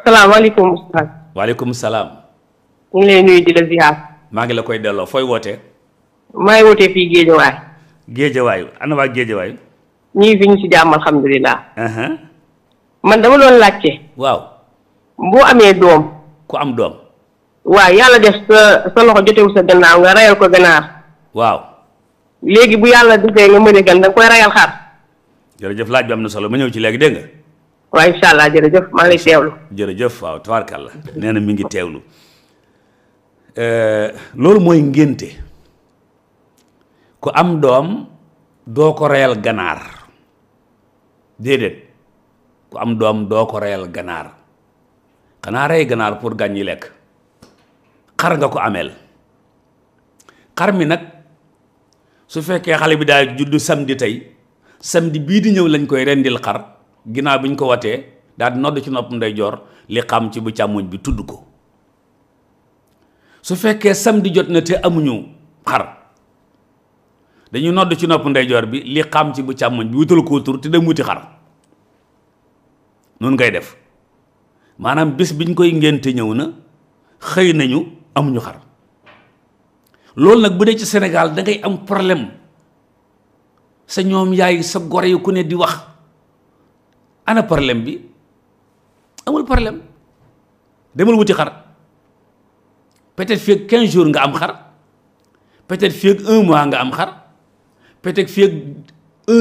salaamaaleykum ustaas. waaleykum salaam. ñu ngi lay nuyu di la ziar. maa ngi la koy delloo fooy wootee. maa ngi wootee fii Géejawaay. Géejawaay ana waa Géejawaay. ñii fi ñu ci jàmm alhamdulilah. man dama doon laajte. waaw. boo amee doom. ku am doom. waaw yàlla def sa sa loxo jotewu sa gannaaw nga rayal ko ganaar. waaw. léegi bu yàlla defee nga mën a gan da koy rayal xar. jërëjëf laaj bi am na solo ma ñëw ci léegi dégg nga. waaw incha allah jërëjëf maa ngi lay teewlu. jërëjëf waaw tabaarkàlla nee na mi ngi teewlu eh, loolu mooy ngénte ku am doom doo ko reyal ganaar déedéet ku am doom doo ko reyal ganaar xanaa rey ganaar pour gàñ ñi lekk xar nga ko ameel xar mi nag su fekkee xale bi daal juddu samedi tey samedi bii di ñëw lañ koy rendil xar. ginnaaw bi ñu ko watee daal di nodd ci noppu ndeyjoor li xam ci bu càmmoñ bi tudd ko su fekkee samedi jot na te amuñu xar dañuy nodd ci noppu ndeyjoor bi li xam ci bu càmmoñ bi wutal koo tur te dem wuti xar noonu ngay def maanaam bis biñ koy ngénte ñëw na xëy nañu amuñu xar loolu nag bu dee ci Sénégal da ngay am problème sa ñoom yaay sa gore yu ku ne di wax ana problème bi amul problème demal wuti xar peut-être fii ak jours nga am xar peut-être fii un mois nga am xar peut-être fii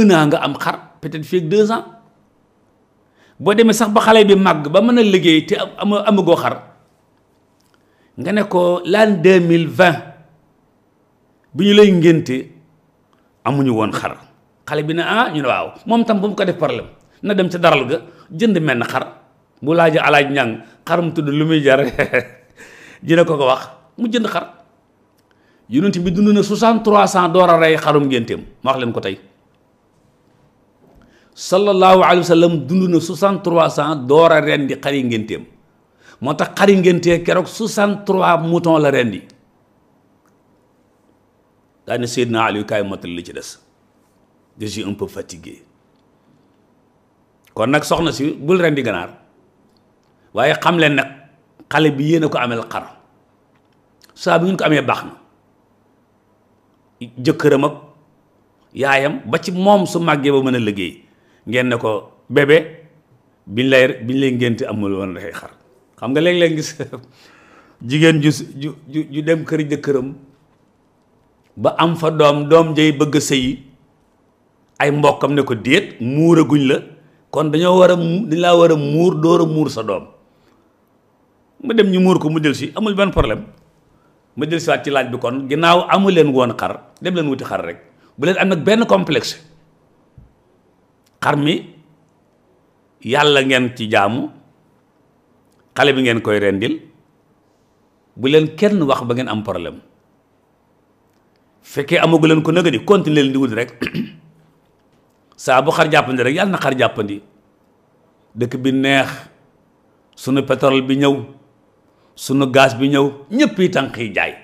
nga am xar peut-être fii ak deux ans boo demee sax ba xale bi màgg ba mën a liggéey te am amagoo xar nga ne ko l'an 2020 bi ñu lay ngénte amuñu woon xar xale bi ne ah ñu ne waaw moom tam bu mu ko def problème. na dem ca daral ga jënd menn xar mu laaj alaaj ñàng xarum tudd lu muy jar dina ko ko wax mu jënd xar yonent bi dund na 6300 door a rey xarum ngénteem wax leen ko tey sallallahu alayhi wa sallam dund na 6300 door a rendi xari ngénteem moo tax xari ngéntee keroog 63 mouton la rendi daane Seydina Aliou kaay mottali li ci des je suis un fatigué kon nag soxna si bul ren di ganaar waaye xam leen nag xale bi yéen a ko amel xar saa bu ngeen ko amee baax na jëkkëram ak yaayam ba ci moom su màggee ba mën a liggéey ngeen ne ko bébé bi lay biñ lay ngénte amul woon rek xar xam nga léeg-léeg gis jigéen ju ju ju dem kër jëkkëram ba am fa doom doom jay bëgg sëyi ay mbokkam ne ko déet muuraguñ la kon dañoo war a dañ laa war a muur door muur sa doom ma dem ñu muur ko mu jël si amul benn problème ma jël si waat ci laaj bi kon ginnaaw amu leen woon xar dem leen wuti xar rek bu leen am nag benn complexe xar mi yàlla ngeen ci jaamu xale bi ngeen koy rendil bu leen kenn wax ba ngeen am problème fekkee amagu leen ko nag di continuer leen di wut rek saa bu xar jàppandi rek yàlla na xar jàppandi dëkk bi neex sunu pétrole bi ñëw sunu gaz bi ñëw ñëpp yi tànk yi jaay